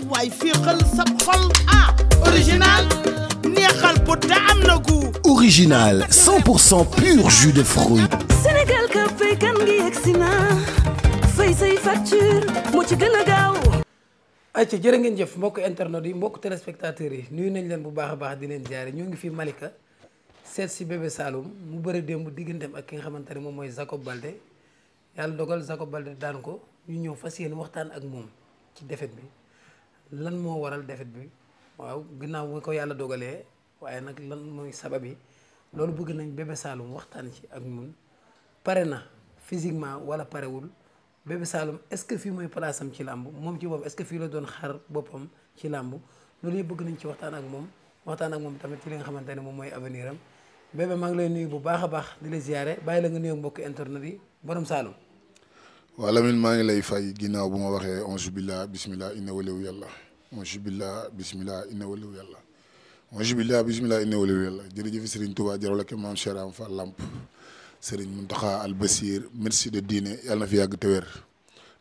ay waay féexal sab xol ah original neexal pot te original pur jus de fruits Sénégal ka fay kan ngi yegsi na fay say facture moo ci gën a gaaw ayca jërë ngeen jëf mbokk internet yi mbokk téléspectateurs yi nuyu nañ leen bu baax a baax di leen jaare ñoo ngi fi Malika seet si bébé Saloum mu bëri démb digganteem ak ki nga xamante ne moom mooy Jacob Balde yàlla dogal Jacob Balde daan ko ñu ñëw fas yéene waxtaan ak moom ci défaite bi lan moo waral defet bi waaw ginnaaw bu ko yàlla dogalee waaye nag lan mooy sabab yi loolu bëgg nañ Bébé Saloum waxtaan ci ak ñun pare na physiquement wala parewul Bébé Saloum est-ce que fii mooy place am ci làmb moom ci boppam est-ce que fii la doon xaar boppam ci làmb loolu yëpp bëgg nañ ci waxtaan ak moom waxtaan ak moom tamit ci li nga xamante ne moom mooy avenir am Bébé maa ngi lay nuyu bu baax a baax di la ziyaare bàyyi la nga nuyu mbokk internet yi borom Saloum. waa Lamine maa ngi lay fay ginnaaw bu ma waxee onge billah bismillah inna waliyu yàlla onge billah bismillah inna waliyu yàlla onge billah bismillah inna waliyu yàlla jërëjëf Serigne Touba Jaral ak Maam Cheikh Ibra Fall Lamp Serigne Mountakha Al Bassir merci de diine yàlla na fi yàgg te wér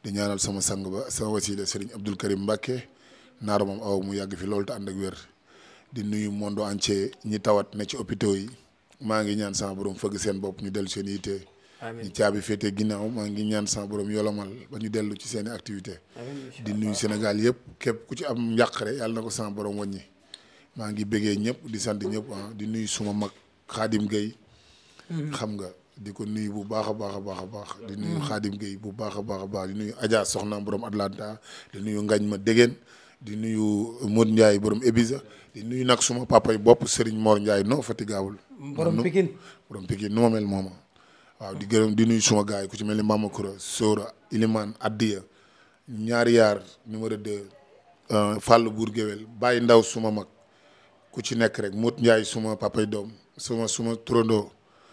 di ñaanal sama sang ba sama wasila Serigne Abdoul Karim Mbacke naara moom aw mu yàgg fi loolu te ànd ak wér di nuyu monde entier ñi tawat ne ci hôpitaux yi maa ngi ñaan sama borom fëgg seen bopp ñu dellu seen yitte. ñi caabi féete ginnaaw maa ngi ñaan sa borom yolomal ba ñu dellu ci seen activité di nuy Sénégal yëpp képp ku ci am njàqare yàlla na ko sa borom wàññi maa ngi bëggee ñëpp di sant ñëpp ah di nuyu suma mag Xaadim Gueye mm-hmm. xam nga di ko nuy bu baax a baax a baax a baax di nuyu Xaadim mm-hmm. Gueye bu baax a baax a baax di nuyu Adja Soxna borom Atlanta di nuyu ngañ ma dégéen di nuyu Modou Ndiaye borom Ebisa di nuyu nag suma papa bopp Serigne Mor njaay noo fatigable borom Pikine waaw di gërëm di nuyu suma gars yi ku ci mel ni Mama Koura Sora Ilimane Addiya ñaari yaar numéro 2 euh, fàll Bour Géwél bàyyi Ndaw suma mag ku ci nekk rek Mout njaay suma papay doom suma suma turandoo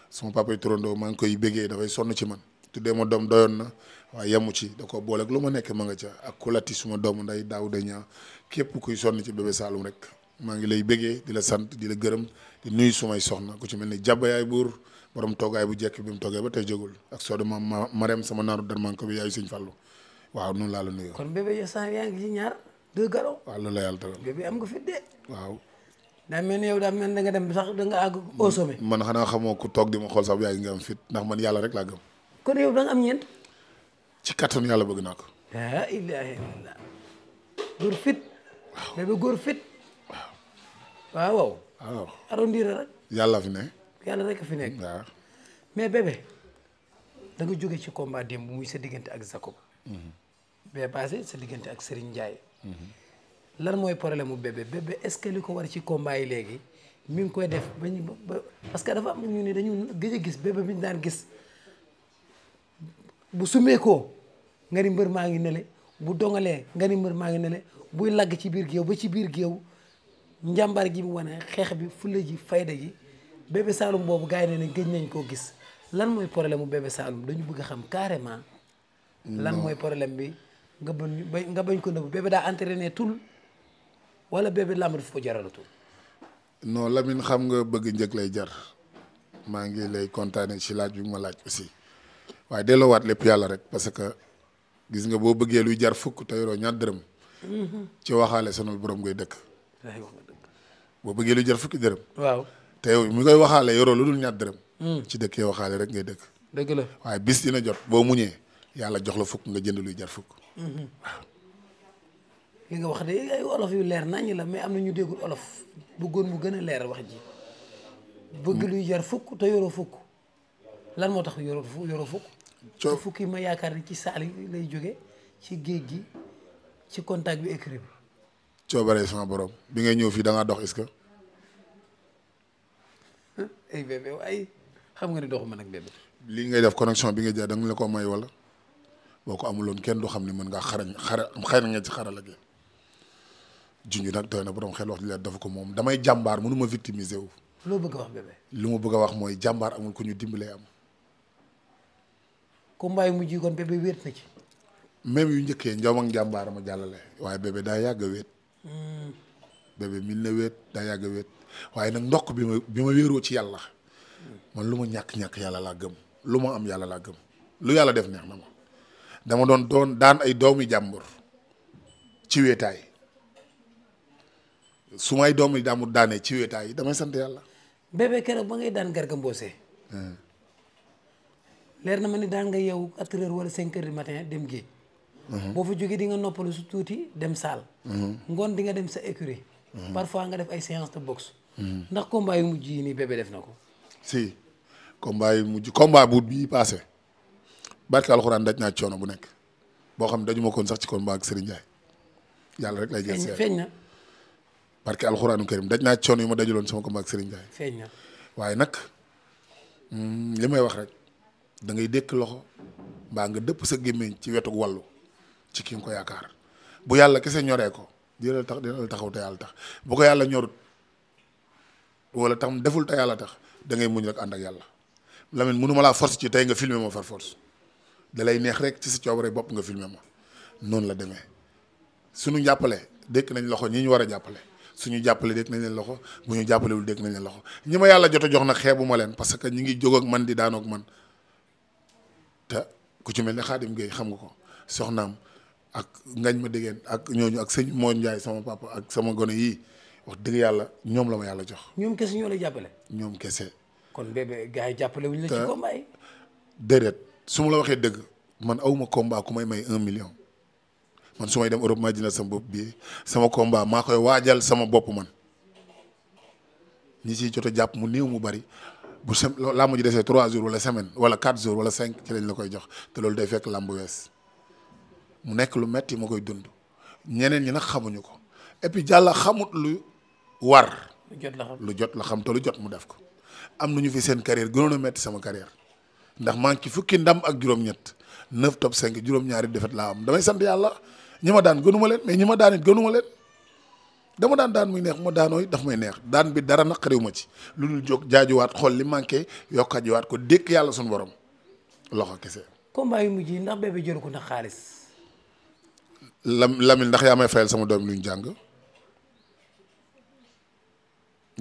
suma papay turandoo maa ngi koy bëggee dafay sonn ci man tuddee ma doom doyoon na waaye yamu ci da ko boole lu ma nekk ma nga ca ak kulati suma doomu nday daaw dañaa képp kuy sonn ci bébé Saloum rek maa ngi lay bëggee di la sant di la gërëm di nuyu sumay soxna ku ci mel ni Jaba Yaay Buur borom toogaay bu jekk bi mu toogee ba tey jógul ak soo dema ma mareem sama naaru darman ko bi yaayu sëñ Fallou waaw noonu laa la nuyoo. kon bébé am nga fi dee. waaw. daa yow daa mel da nga dem sax da nga àgg au sommet. man xanaa xamoo ku toog di ma xool sax yaay nga am fit ndax man yàlla rek laa gëm. kon yow da nga am ñeent. ci kattan yàlla bëgg naa ko. laa ilaaha illallaah. góor fit. waaw bébé góor fit. waaw. waaw waaw. arrondir rek. yàlla fi ne. yàlla rek fi nekk. mais bébé danga jóge ci combat démb muy sa diggante ak Jacob. Mhm. bee passé sa diggante ak Serigne Ndiaye. Mhm. lan mooy problème mu bébé bébé est-ce que li ko war ci komba yi léegi mi ngi koy def ba ba parce que dafa am ñu ne dañu gëj a gis bébé bi ñu daan gis bu summeekoo nga ni mbër maa ngi nele bu dongalee nga ni mbër maa ngi nele buy lagg ci biir géew ba ci biir géew njàmbaar gi mu wane xeex bi fulla ji fayda ji. bébé Saloum boobu gars yi ne ne nañ koo gis lan mooy problème mu bébé Saloum dañu bëgg a xam carrément. lan mooy problème bi nga bañ nga bañ ko nëbb bébé daa ne tul wala bébé Lamine daf ko jaralatul. non Lamine xam nga bëgg njëg lay jar maa ngi lay kontaane ci laaj bi ma laaj aussi waaye delloowaat lépp yàlla rek parce que gis nga boo bëggee luy jar fukk te yoroo ñaar dërëm. Mhm. ci waxaale sonal borom ngay dëkk. boo bëggee luy jar fukki dërëm. te yow mi koy waxaale yoroo lu dul ñaar dërëm. Hmm. ci dëkkee waxaale rek ngay dëkk. dëgg la waaye bis dina jot boo muñee yàlla jox la fukk nga jënd luy jar fukk. Hmm. waaw. nga wax de olof yu leer naññ la mais am na ñu déggul olof bëggoon mu gën a leer wax bëgg hmm. luy jar fukk te fukk lan moo tax yoroo fukk yoroo fukk. coow fukk yi ma yaakaar ni ci saal yi lay jóge ci géej gi ci contact bi écrit bi. coobaree sama borom bi ngay ñëw fii da ngaa dox est que ay bébé waaye xam nga ni doxuma nag bébé. lii ngay def connexion bi nga jël da nga la ko may wala boo ko amuloon kenn du xam ni mën ngaa xarañ xara xëy nga ci xarala gi junj nag doy na borom xel wax dëgg ko moom damay jàmbaar mënu ma victimiser wu. loo bëgg a wax bébé. lu ma bëgg a wax mooy jàmbaar amul ku ñu dimbalee am. combat yi mujj kon bébé wéet na ci. même yu njëkkee njoom ak jàmbaar ma jàllale waaye bébé daa yàgg a wéet. Hmm. bébé mil na wéet daa yàgg a wéet. waaye nag ndokk bi ma bi ma wéeroo ci yàlla man lu ma ñàkk-ñàkk yàlla laa gëm lu ma am yàlla laa gëm lu yàlla def neex na ma dama doon doon daan ay doomi jàmbur ci wéetaay su may doomi jàmbur daanee ci wéetaay yi damay sant yàlla bébé keroog ba ngay daan garga mboose hmm. leer na ma ni daan nga yow quatre heures wala cinq heures du matin dem géej hmm. boo fa jógee di nga noppalu su tuuti dem saal hmm. ngoon di nga dem sa écurie parfois nga def ay séance de boxe ndax combat yu mujj yi nii bébé def na ko. si combat yu mujj combat bu bii passé barke alxuraan daj naa coono bu nekk boo xam ne daju koon sax ci combat ak Serigne Ndiaye yàlla rek lay jël seer feeñ na barke alxuraanu karim daj naa coono yu ma dajuloon sama combat ak Serigne Ndiaye. feeñ na waaye nag mm, li may wax rek dangay ngay dékk loxo mbaa nga dëpp sa gémmiñ ci wetu wàllu ci ki nga ko yaakaar bu yàlla kese ñoree ko dina la tax dina la taxaw te yàlla tax bu ko yàlla ñorut. wala tam deful te yàlla tax dangay ngay muñ rek ànd ak yàlla Lamine mënuma laa force ci tey nga filmer ma far force da neex rek ci sa coobare bopp nga filmer ma noonu la demee suñu jàppale dékk nañ loxo ñi ñu war a jàppale suñu jàppale dékk nañ leen loxo bu ñu jàppalewul dékk nañ leen loxo ñi ma yàlla jot a jox na xeebuma leen parce que ñi ngi jóg ak man di daanoog man te ku ci mel ni Xaadim Gueye xam nga ko soxnaam ak ngañ ma déggeen ak ñooñu ak sëñ moo Njaay sama papa ak sama gone yii wax dëgg yàlla ñoom la ma yàlla jox. ñoom kese ñoo lay jàppale. ñoom kese. kon bébé gars yi jàppale wuñ la ci su ma la waxee dëgg man awuma combat ku may may un million man su may dem Europe maa jëndal sama bopp bi sama combat maa koy waajal sama bopp man ñi ci jot a jàpp mu néew mu bari bu sem làmb ji desee trois jours wala semaine wala quatre jours wala cinq ci lañ la koy jox te loolu day fekk làmb wees mu nekk lu metti ma koy dund ñeneen ñi nag xamuñu ko et puis xamut lu. war. lu jot la xam jot la xam te lu jot mu def ko. am ñu fi seen carrière gënoon a metti sama carrière ndax maa ngi ci fukki ndam ak juróom-ñett neuf top cinq juróom-ñaari defet laa am damay sant yàlla ñi ma daan gënuma leen mais ñi ma daan it gënuma leen dama daan daan muy neex ma daanooy daf may neex daan bi dara naqariw ma ci lu dul jóg jaajuwaat xool li manqué waat ko dékk yàlla suñu borom loxo kese. combat yu mujj yi ndax bébé ko ndax xaalis. lam Lamine ndax yaa may fayal sama doom lu ñu jàng.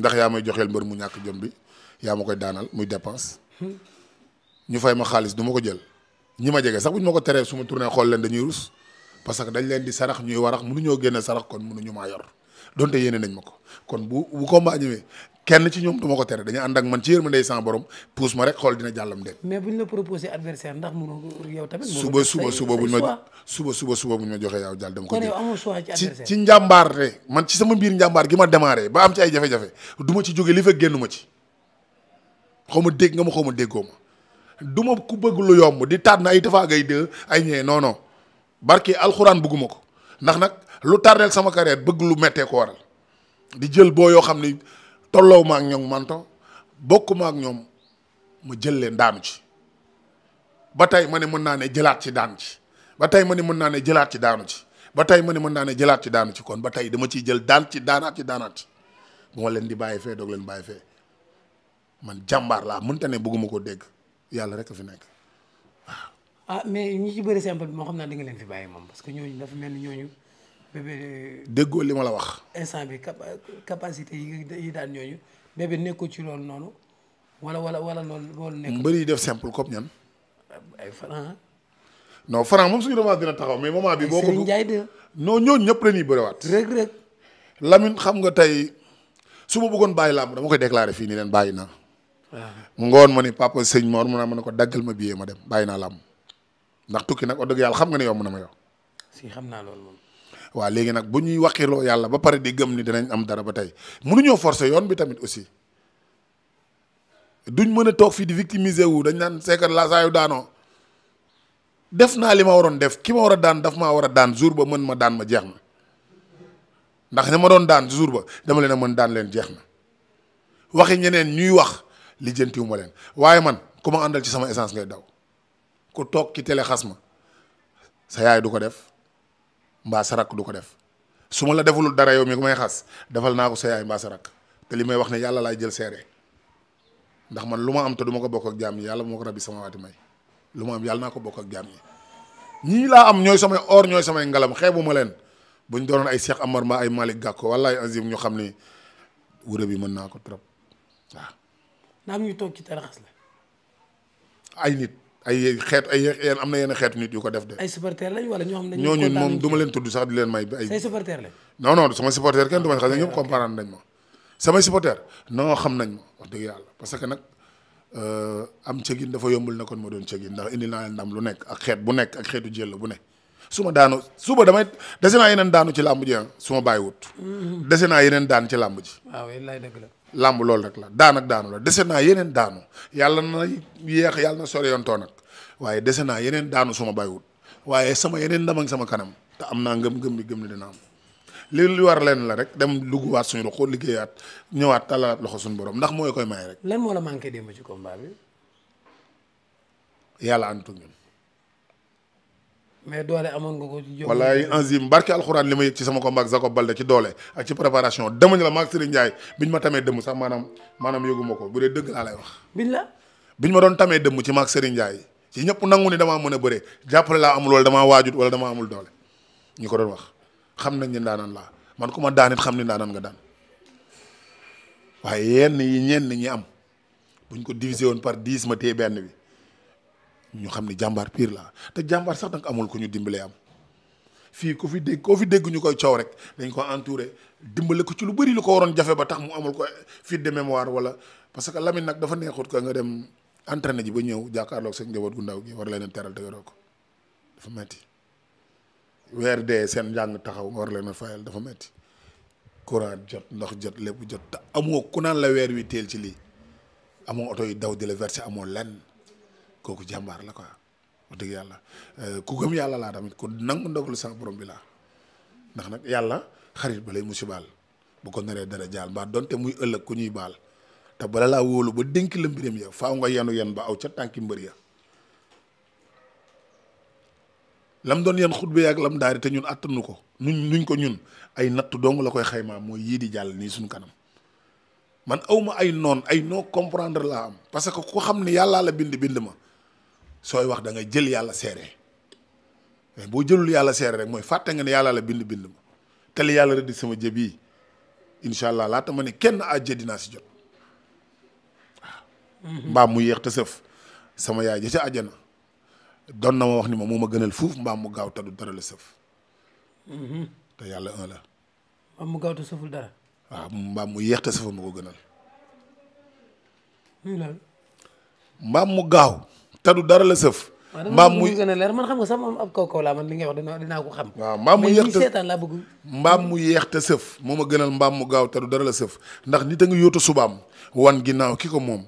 ndax yaa may joxeel mbër mu ñàkk jom bi yaa ma koy daanal muy dépense ñu fay ma xaalis du ma ko jël ñi ma jege sax buñ ma ko teree su ma tourné xool leen dañuy rus parce que dañ leen di sarax ñuy warax mënuñoo génne sarax kon mënuñu maa yor donte yéene nañ ma ko kon bu bu combat ñëwee kenn ci ñoom du ko tere dañu ànd ak man ci yërmande sans borom puus ma rek xool dina jàllam dem. mais buñ la proposé adversaire ndax mënoo yow tamit. suba suba suba buñ ma suba suba suba buñ ma joxe yow jàll dama ko. kon yow amoo choix ci adversaire ci man ci sama biir njàmbaar gi ma démarré ba am ci ay jafe-jafe du ma ci jóge li fekk génn ma ci xaw ma dégg nga ma xaw ma déggoo ma du ma ku bëgg lu yomb di taat na ay Tapha Gueye 2 ay ñee non non barke alxuraan bëgguma ko ndax nag lu tardeel sama carrière bëgg lu méttee ko jël boo yoo xam ni tolloo ma ak ñoom manto bokk ma ak ñoom ma jël leen daanu ci ba tey ma ne mën naa ne jëlaat ci daanu ci ba tey ma ne mën naa ne jëlaat ci daanu ci ba tey ma ne mën naa ne jëlaat ci daanu ci kon ba tey dama ciy jël daan ci daanaat ci daanaat bu ma leen di bàyyi fee doog leen bàyyi fee man jàmbaar laa mënta ne bëgguma ko dégg yàlla rek a fi nekk waaw. ah mais ñi ci bëri simple bi moo xam naa di nga leen fi bàyyi moom parce que ñooñu dafa mel ñooñu. bébé déggoo li ma la wax. instant bi capacité yi daan ñooñu bébé nekkul ci loolu noonu wala wala wala loolu loolu nekk. mbëri yi def simple comme ñan. ay Franc. non Franc moom suñu revanche dina taxaw mais moment bi. boo ko Serigne Ndiaye de. non ñëpp la ñuy bëriwaat. Reug Reug. xam nga tey su ma bëggoon bàyyi làmb dama koy déclaré fii ni leen bàyyi naa. Ah. mu ngoon ma ni papa sëñ Mor mu naa ma ne ko daggal ma billet ma dem bàyyi naa làmb ndax tukki nag wax dëgg yàlla xam nga ne yomb na ma yow. si xam naa loolu moom. waaw léegi nag bu ñuy waqirloo yàlla ba pare di gëm ni dinañ am dara ba tey mënuñoo forcer yoon bi tamit aussi duñ mën a toog fii di victimiser wu dañ daan seekat la saa daanoo def naa li ma waroon def ki ma war a daan daf ma war a daan jour ba mën ma daan ma jeex na ndax ne ma doon daan jour ba dama leen a mën daan leen jeex na waxi ñeneen ñuy wax lijjantiwu ma leen waaye man ku ma àndal ci sama essence ngay daw ku toog ki tele xas ma sa yaay du ko def mbaa sa rakk du ko def su ma la defulul dara yow mi ku may xas defal naa ko sa yaay mbaa sa rakk te li may wax ne yàlla laay jël seere ndax man lu ma am te du ma ko bokk ak jaam yi yàlla moo ko rabbi sama waati may lu ma am yàlla naa ko bokk ak jaam yi ñii laa am ñooy samay or ñooy samay ngalam xeebu ma leen bu buñ doonoon ay Cheikh Amar mbaa ay mali Gakou wallaay azim ñu xam ni wuré bi mën naa ko trop waaw. naam ñuy toog ci taraxas la. ay nit. ay xeet ay yéen am na yenn xeetu nit yu ko def de. ay supporters wala ñoo xam moom du ma leen tudd sax di leen may. ay say supporters lañ. non non sama supporter kenn du ma xam ah, nañ ma samay supporters non xam nañ ma wax dëgg yàlla parce que nag euh, am cëgin dafa yombul na nekkoon moo doon cëgin ndax indi naa leen ndam lu nekk ak xeet bu nekk ak xeetu jël bu nekk su ma daanu suba damay dese naa yeneen daanu ci làmb ji ah su ma dese naa yeneen daan ci làmb ji. waaw yàlla dëgg la. làmb loolu rek la daan ak daanu la dese naa yeneen daanu yàlla na yéex yàlla na sore yontoo nag waaye dese naa yeneen daanu suma ma bàyyiwut waaye sama yeneen ndam ak sama kanam te am naa ngëm-ngëm bi gëm ne dina am. li lu war leen la rek dem dugguwaat suñu loxo liggéeyaat ñëwaat talalaat loxo suñu borom ndax mooy koy may rek. lan moo la manqué ci combat bi. antu mais doole amoon nga ko ci jóg. wallaay enzim barke alxuraan li ma yëg ci sama combat ak Jacob Balde ci doole ak ci préparation dama ñu la maag Serigne Ndiaye biñ ma tamee dëmm sax maanaam maanaam yëguma ko bu dee dëgg laa lay wax. biñ ma doon tamee dëmm ci maag Serigne Ndiaye ci ñëpp nangu ni damaa mën a bëree jàppale laa amul wala damaa waajut wala damaa amul doole ñu ko doon wax xam nañ ne daanaan laa man ku ma daan it xam ni daanaan nga daan waaye yenn yi ñenn ñi am buñ ko divisé woon par dix ma téye benn bi ñu xam ni jàmbaar piir laa te jàmbaar sax danga amul ko ñu dimbalee am fii ku fi dégg koo fi dégg ñu koy coow rek dañ ko entouré dimbale ko ci lu bëri lu ko waroon jafe ba tax mu amul ko fit de mémoire wala parce que Lamine nag dafa neexut ko nga dem entraîné ji ba ñëw jàkkaarloog seen njaboot gu ndaw gi war leen teral te yoroo ko dafa metti weer dee seen njàng taxaw nga war leen a fayal dafa metti courant jot ndox jot lépp jot te amoo ku naan la weer wi teel ci lii amoo oto yi daw di la verser amoo lenn kooku jàmbaar la quoi wax dëgg yàlla euh, ku gëm yàlla laa tamit ku nangu ndogalu sax borom bi laa ndax nag yàlla xarit ba lay musibaal bu ko naree dara jaal mbaa donte muy ëllëg ku ñuy baal te bala laa wóolu ba dénk la mbiram ya faaw nga yenu yen ba aw ca tànki mbër ya lam doon yan xutbe ak lam daari te ñun àttanu ko ñu nuñ ko ñun ay nattu dong la koy xaymaa mooy yii di jàll nii suñ kanam man awma ay noon ay noo comprendre laa am parce sooy wax da ngay jël yàlla seere mais boo jëlul yàlla seere rek mooy fàtte nga ne yàlla la bind bind ma te yàlla rek di sama jëb yi incha allah laata ma ne kenn àjjee dinaa si jot mhm. mbaam mu yéex te sëf sama yaay ja ca àjjana doon na ma wax ni ma moo ma gënal fuuf mbaam mu gaaw te du dara la sëf. Mhm. te yàlla un la. dara. mbaam mu yéex te sëful ma ko gënal. mbaam mu gaaw. te dara la sëf. mbaam muy gën a leer man xam nga sax moom ab kooku laa man wax dina dinaa ko xam. waaw mbaam mu yéex te seetaan laa bëgg. mbaam sëf moo ma gënal mbaam mu gaaw te dara la sëf ndax nit a ngi yóotu subaam wan ginnaaw ki ko moom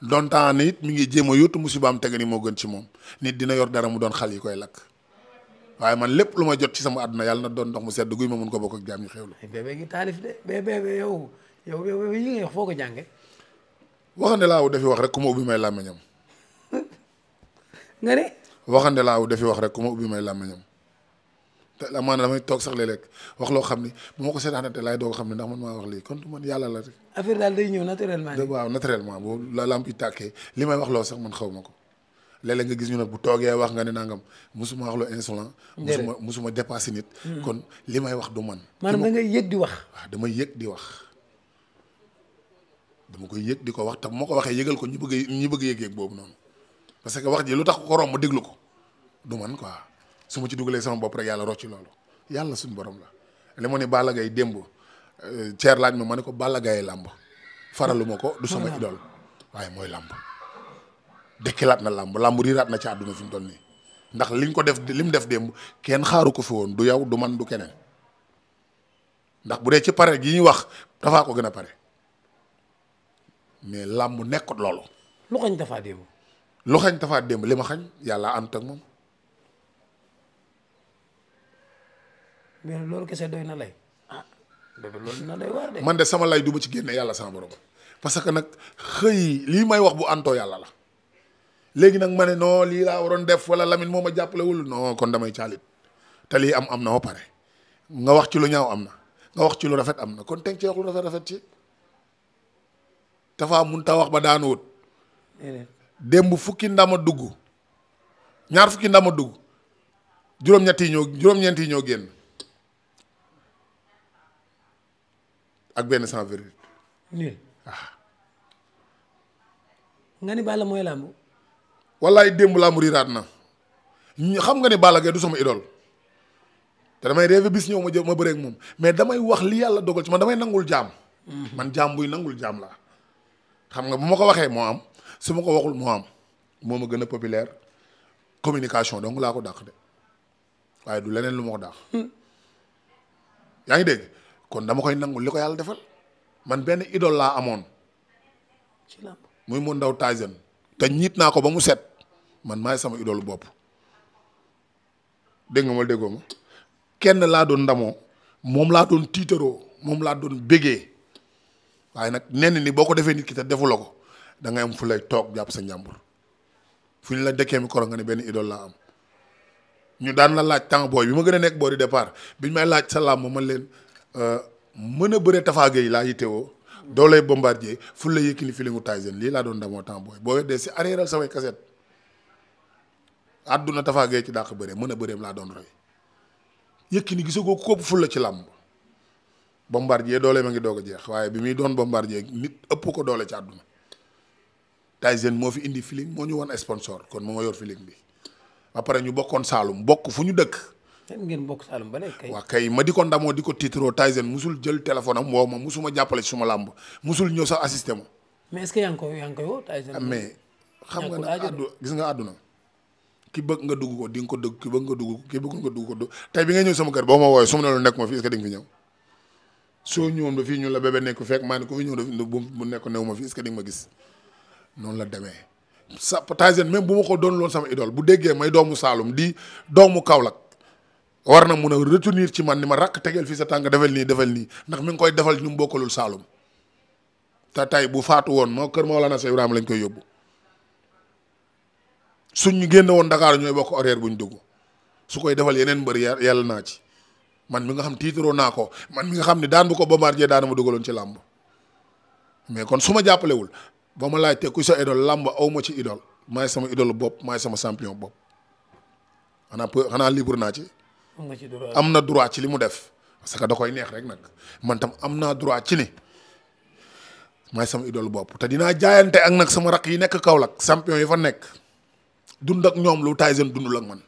dontaan ne it mi ngi jéem a mu subaam tege ni moo gën ci moom nit dina yor dara mu doon xal yi koy lakk waaye man lépp lu ma jot ci sama àdduna yàlla na doon ndox mu sedd guy ma mun ko bokk ak jaam ñu xewlu. bébé gi taalif de bébé yow yow yow yi ngay wax foo ko jànge waxande laa wu wax rek ku ma ubbi may làmmiñam nga ne. waxande laa wu dafi wax rek ku ma ubbi may làmmiñam te amaana damay toog sax léeg wax loo xam ni bu ma ko seetaanatee laay doog xam ne ndax man maa wax lii kon man yàlla la rek. affaire daal day ñëw naturellement. waaw naturellement bu la lamp tàkkee li may wax loo sax man xaw ma ko léeg nga gis ñu ne bu toogee wax nga ne nangam musuma wax loo insolent. musuma musuma dépassé nit. Hmm. kon li may wax du man. maanaam da ngay yëg di wax. waaw damay di wax dama koy yëg di ko wax te bu ko waxee yëgal ko ñu bëgg ñi bëgg yëg-yëg noonu. parce que wax jii lu tax ko romb déglu ko du man quoi su ma ci dugalee sama bopp rek yàlla rocc loolu yàlla suñu borom la li ma ne Balla Gaye démb ceer euh, laaj ma ma ne ko Balla Gaye làmb faraluma ko du sama idole waaye mooy làmb dekkilaat na làmb làmb riiraat na ci àdduna fi mu nii ndax liñ ko def li mu def démb kenn xaaru ko fi woon du yow du man du keneen ndax bu dee ci pare gi ñuy wax dafaa ko gën a pare mais làmb nekkut loolu lu ko ñu lu xañ Tapha démb li ma xañ yàlla ànd ak moom. loolu kese doy na lay ah, loolu dina lay man de sama lay du ma ci génne yàlla sama borom parce que nag xëy lii may wax bu antoo yàlla la léegi nag ma ne noo lii laa waroon def wala Lamine moo ma jàppalewul noo kon damay caalit te lii am am na ba pare nga wax ci lu ñaaw am na nga wax ci lu rafet am na kon teg ci wax lu rafet rafet ci Tapha mun ta wax ba daanuwut. démb fukki ndama dugg ñaar fukki ndama dugg juróom-ñett yi ñoo juróom génn ak benn sans verdict. nii ah. nga ni Balla mooy làmb. wallaay démb làmb riiraat na xam nga ni Balla Gaye du sama idole te damay rêvé bis ñëw ma jë ma bëree moom mais damay wax li yàlla dogal ci man damay nangul jaam. Mm-hmm. man jaam buy nangul jaam laa. xam nga bu ma ko waxee moo am. su ma ko waxul moo am moo ma gën a populaire communication donc laa ko dàq de waaye du leneen lu ma ko dàq. Hmm. yaa ngi dégg kon dama koy nangu li ko yàlla defal man benn idole laa amoon. ci muy mu ndaw Tyson te ñiit naa ko ba mu set man maay sama idole bopp dégg nga ma déggoo ma kenn laa doon ndamoo moom laa doon tiitaroo moom laa doon béggee waaye nag nenn ni boo ko defee nit ki te defu ko da ngay am fu lay toog jàpp sa njàmbur fu ñu la dëkkee mi koro nga ne benn idole laa am ñu daan la laaj temps booy bi ma gën a nekk boo di départ biñ may laaj sa làmb man leen euh, mën a bëre tafaage yi laa yittewoo doo lay bombardier fu la yëkkili fi li lii laa doon damoo temps booy boo weddee si arriéral samay kaset àdduna tafaage ci dàq bëre mën a bëreem laa doon roy yëkkini gisagoo kóob fu la ci làmb bombardier doole ma ngi doog a jeex waaye bi muy doon bombardier nit ëpp ko doole ci àdduna Tyson moo fi indi filim moo ñu woon sponsor kon moo yor filim bi ba pare ñu bokkoon Saalum bokk fu ñu dëkk. seen ngeen bokk Saalum ba léegi kay. waaw kay ma di ko ndamoo di ko tiitaroo Tyson musul jël téléphone am woo ma musuma jàppale ci suma làmb musul ñëw sax assisté ma. mais est-ce que yaa ngi koy yaa ngi koy woo Tyson. Ah, mais xam nga ne àddu gis nga àdduna. ki bëgg nga dugg ko di nga ko dugg ki bëgg nga dugg ki bëgg nga dugg ko dugg tey bi nga ñëw sama kër boo ma wooyee su ma ne la nekk ma fi est-ce que di nga fi ñëw soo ñëwoon ba fii ñu la bébé nekk fekk maa ne ku fi ñëw bu nekk new ma fi est-ce que di nga ma gis noonu la demee sa Tyson même bu ma ko doon loon sama idole bu déggee may doomu Saalum di doomu Kaolack war na mun a retenir ci man ni ma rakk tegeel fii sa tànk defal nii defal nii ndax mi ngi koy defal ñu mu bokkalul te tey bu faatu woon moo kër Maolana Cheikh Ibrahima lañ koy yóbbu suñ ñu génn woon Dakar ñooy bokk horaire buñ dugg su koy defal yeneen mbër yàlla naa ci man mi nga xam tiitaroo naa ko man mi nga xam ne daan bu ko Bombardier daan ma dugaloon ci làmb mais kon su ma jàppalewul boo ma laajtee ku sa idole làmb aw ma ci idole maay sama idole bopp maay sama champion bopp xanaa peu xanaa libre naa ci. am na droit am na droit ci li mu def. parce que da koy neex rek nag man tam am naa droit ci ni maay sama idole bopp te dinaa jaayante ak nag sama rakk yi nekk Kaolack champion yi fa nekk dund ak ñoom lu Tyson dundul ak man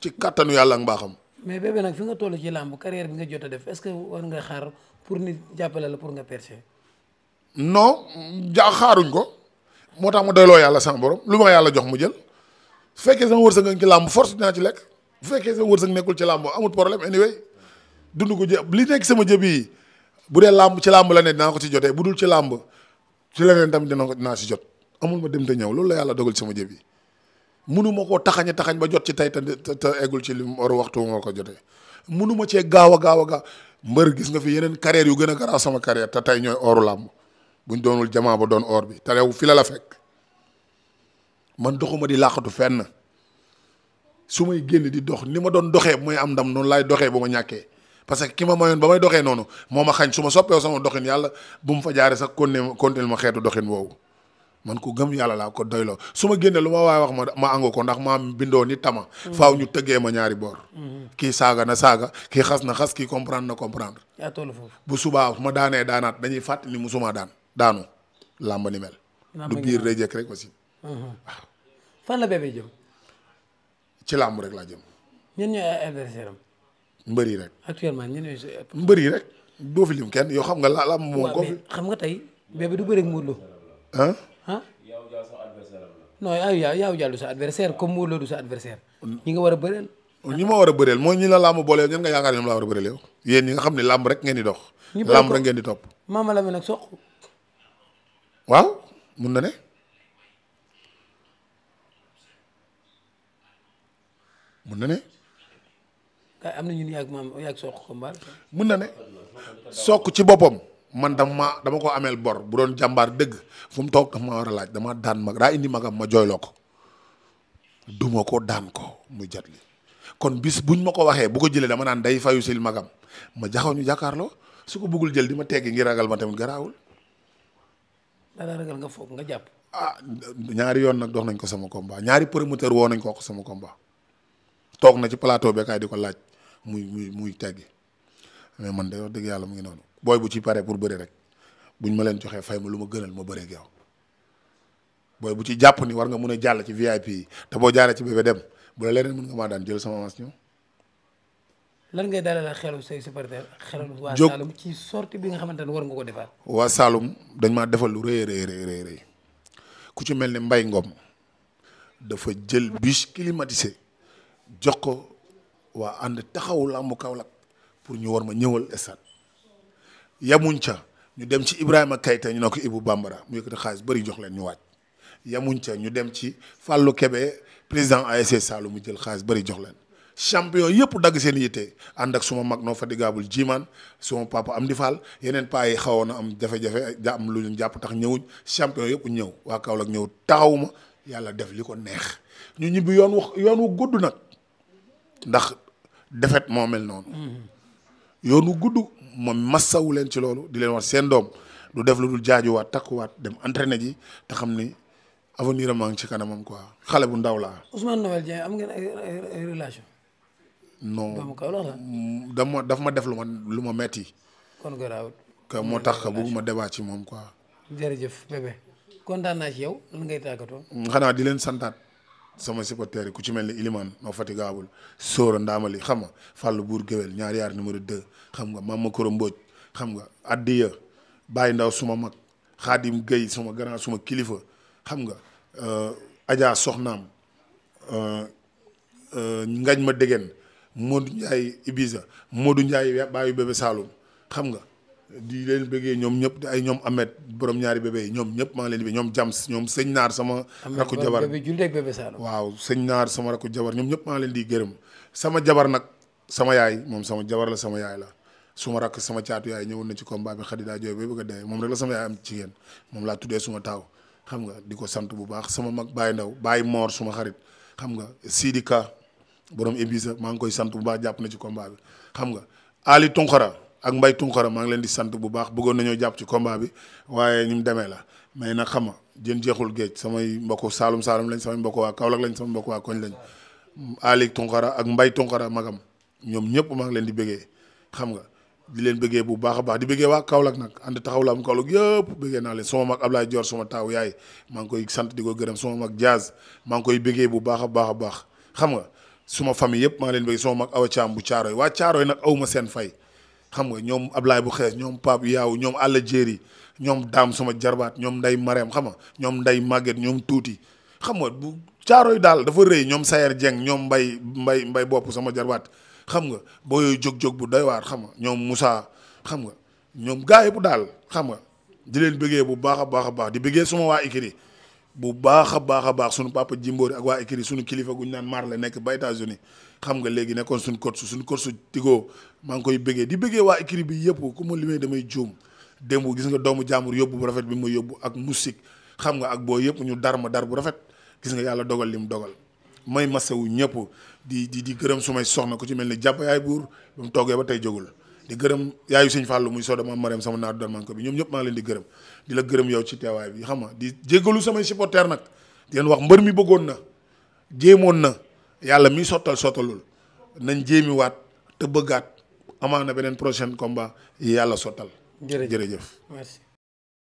ci kattanu yàlla ak mbaaxam. mais bébé nag fi nga toll ci làmb carrière bi nga jot a def est-ce que war nga xaar pour nit jàppale la pour nga no ja xaaruñ ko moo tax ma doyloo yàlla sama borom lu ma yàlla jox mu jël su fekkee sama wërsëg nga ci làmb force dinaa ci lekk bu fekkee sama wërsëg nekkul ci làmb amul problème anyway dund ko jë li nekk sama jëb yi bu dee làmb ci làmb la ne dinaa ko ci jotee bu dul ci làmb ci leneen tamit dina ko dinaa si jot amul ma dem te ñëw loolu la yàlla dogal ci sama jëb yi munuma koo taxañ taxañ ba jot ci tey te te eggul ci li mu war waxtu moo ko jotee munuma cee gaaw a gaaw a gaaw mbër gis nga fi yeneen carrière yu gën a garaaw sama carrière te tey ñooy ooru làmb buñ doonul jamaa ba doon or bi tarew fi la la fekk man doxuma di làqatu fenn su may génn di dox ni ma doon doxee bu may am ndam noonu laay doxee ba ma ñàkkee que ki ma mayoon ba may doxee noonu moo xañ su ma soppeeku sama doxin yàlla bu mu fa jaaree sax continué continué ma xeetu doxin boobu man ko gëm yàlla laa ko doyloo su ma génne lu ma waaye wax ma ma àngu ko ndax maa bindoo ni tama. Mm-hmm. faaw ñu tëggee ma ñaari boor. Mm-hmm. kii saaga na saaga kii xas na xas kii comprendre na comprendre. yaa toll ma daanee daanaat dañuy fàttali ni musuma daan. daanu làmb ni mel. du biir day jekk rek aussi. Uh-huh. waaw fan la bébé jëm. ci làmb rek laa jëm. ñun ñooy adversaire am. mbër yi rek. actuellement mbër yi rek. doo fi lim kenn yoo xam nga la làmb moom. ko fi xam nga tey bébé du bëri ak Modou Lo. ah war a bëreel. a bëreel mooy ñi la làmb booleel ñan nga yaakaar ñoom laa war a bëreel yow. ñi nga xam ne làmb rek ngeen di dox. làmb rek ngeen di topp. waaw mun na ne mun na ne. am na ñun yàgg maam yàgg mun na ne soq ci boppam man dama dama ko ameel bor bu doon jàmbaar dëgg fu mu toog daf ma war a laaj dama daan mag daa indi magam ma jooyloo ko duma ko daan ko muy jat li kon bis ñu ma ko waxee bu ko jëlee dama naan day fayu sil magam ma jaxaw ñu jàkkaarloo su ko bëggul jël di ma teggi ngir ragal ma tamit garaawul. dana ragal nga foog nga jàpp. ah ñaari yoon nag dox nañ ko sama combat ñaari promoteur woo nañ ko ko sama combat toog na ci plateau bi kaay di ko laaj muy muy muy teggi mais man de wax dëgg yàlla mu ngi noonu booy bu ci pare pour bëri rek buñ ma leen joxee fay ma lu ma gënal ma bëree ak yow booy bu ci jàpp ni war nga mun a jàll ci VIP yi te boo jaaree ci bébé dem bu la leneen mën nga maa daan jël sama avance ñëw lan ngay dalal xelu say supporter xelu waa Saloum ci sortie bi nga xamante ne war nga ko defaat. waa Saloum dañ maa defal lu rëy rëy rëy ku ci mel ne Mbaye Ngom dafa jël bus climatisé jox ko waa ànd taxawu làmbu Kaolack pour ñu war ma ñëwal stade yamuñ ca ñu dem ci Ibrahima Kayta ñu ne ko Ibou Bambara mu yëkkati xaalis bëri jox leen ñu waaj yamuñ ca ñu dem ci Fallou kebe président ASC Saloum mu jël xaalis bari jox leen. champion yëpp dagg seen yitte ànd ak suma mag noo fatigable jiimaan suma papa am di faal yeneen paa yi xawoon na am jafe-jafe am lu ñu jàpp tax ñëwuñ champion yëpp ñëw waa kaw Kaolack ñëw taxawuma yàlla def li ko neex ñu ñibbi yoon yoon wu gudd nag ndax defet moo mel noonu. yoon wu gudd ma massawu leen ci loolu di leen wax seen doom du def lu dul jaajuwaat takkuwaat dem entraîné ji te xam ni. avenir am a ngi ci kanamam quoi xale bu ndaw laa. am ngeen ay relation no doomu Kaolack la mm, daf ma def lu ma lu ma metti. kon garaawut. que moo tax que bëgguma débat ci moom quoi. jërëjëf kontaan naa ci yow lan ngay tàggatoo. Mm, xanaa di leen santaat sama supporteur yi ku ci mel ni Ilimane ma fatigable Sora Ndamali xam nga fàll Bour Guewel ñaari yaar numéro 2 xam nga Mama Koro Mbodj xam nga Addiya Baye Ndaw suma mag Xaadim Gueye suma grand suma kilifa xam nga euh, Adja Soxnaam euh, euh, ngañ ma dégeen Modou Ndiaye Ibiza Modou Ndiaye baayu bébé Saloum xam nga di leen bëggee ñoom ñëpp di ay ñoom Amet borom ñaari bébé yi ñoom ñëpp maa leen di ñoom Jams ñoom sëñ Naar sama rakku jabar waaw sëñ Naar sama rakku jabar ñoom ñëpp maa leen di gërëm sama jabar nag sama yaay moom sama jabar la sama yaay la suma rakk sama caatu yaay ñëwoon na ci combat bi xadidaa jooy ba bëgg a dee moom rek la sama yaay am ci yéen moom laa tuddee suma taaw xam nga di ko sant bu baax sama mag baay Ndaw baay Mor suma xarit xam nga Sidika borom Ibiza maa ngi koy sant bu baax jàpp na ci combat bi xam nga Ali Tunkara ak Mbay Tunkara maa ngi leen di sant bu baax bëggoon nañoo jàpp ci combat bi waaye ñu mu demee la mais nag xam nga jën jeexul géej samay mbokku Saalum Saalum lañ samay mbokku waa Kaolack lañ samay mbokku waa koñ lañ Ali Tunkara ak Mbay Tunkara magam ñoom ñëpp maa ngi leen di bëggee xam nga di leen bëggee bu baax a baax di bëggee waa Kaolack nag ànd taxaw la am Kaolack yëpp bëggee naa leen sama mag Ablaye Dior sama taaw yaay maa ngi koy sant di gërëm sama mag Diaz maa ngi koy bëggee bu baax a baax a baax xam nga suma famille yëpp maa leen bëgg sama mag Awa Caam bu Caaroy waa Caaroy nag awma seen fay xam nga ñoom Ablaay bu xees ñoom Pape Yaaw ñoom Alla Jéeri ñoom Daam sama jarbaat ñoom Nday Mareem xam nga ñoom Nday Màgget ñoom Tuuti xam nga bu Caaroy daal dafa rëy ñoom Sayer Jeng ñoom Mbay Mbay Mbay bopp sama jarbaat xam nga boo yooyu jóg-jóg bu day waar xam nga ñoom Moussa xam nga ñoom gaa bu daal xam nga di leen bëggee bu baax a baax a baax di bëggee suma waa Ikiri bu baax a baax a baax suñu papa Jimboori ak waa écurie suñu kilifa guñ naan maar la nekk ba États-Unis xam nga léegi nekkoon suñu coach suñu coach Tigo maa ngi koy bëggee di bëggee waa écurie bi yëpp ku ma limee damay juum démb gis nga doomu jaamur yóbbu bu rafet bi mu yóbbu ak musique xam nga ak boo yëpp ñu dar ma dar bu rafet gis nga yàlla dogal lim dogal may masawu ñëpp di di di gërëm sumay soxna ku ci mel ni jàpp yaay buur ba mu toogee ba tey jógul di gërëm yaayu sëñ fàllu muy Soda Mame Marème sama naatu dalman ko bi ñoom ñëpp maa leen di gërëm di la gërëm yow ci teewaay bi xam na di jéggalu samay supporter nag di leen wax mbër mi bëggoon na jéemoon na yàlla mi sottal sottalul nañ jéemi waat te bëggaat amaana beneen prochaine combat yàlla sottal jërëjëf merci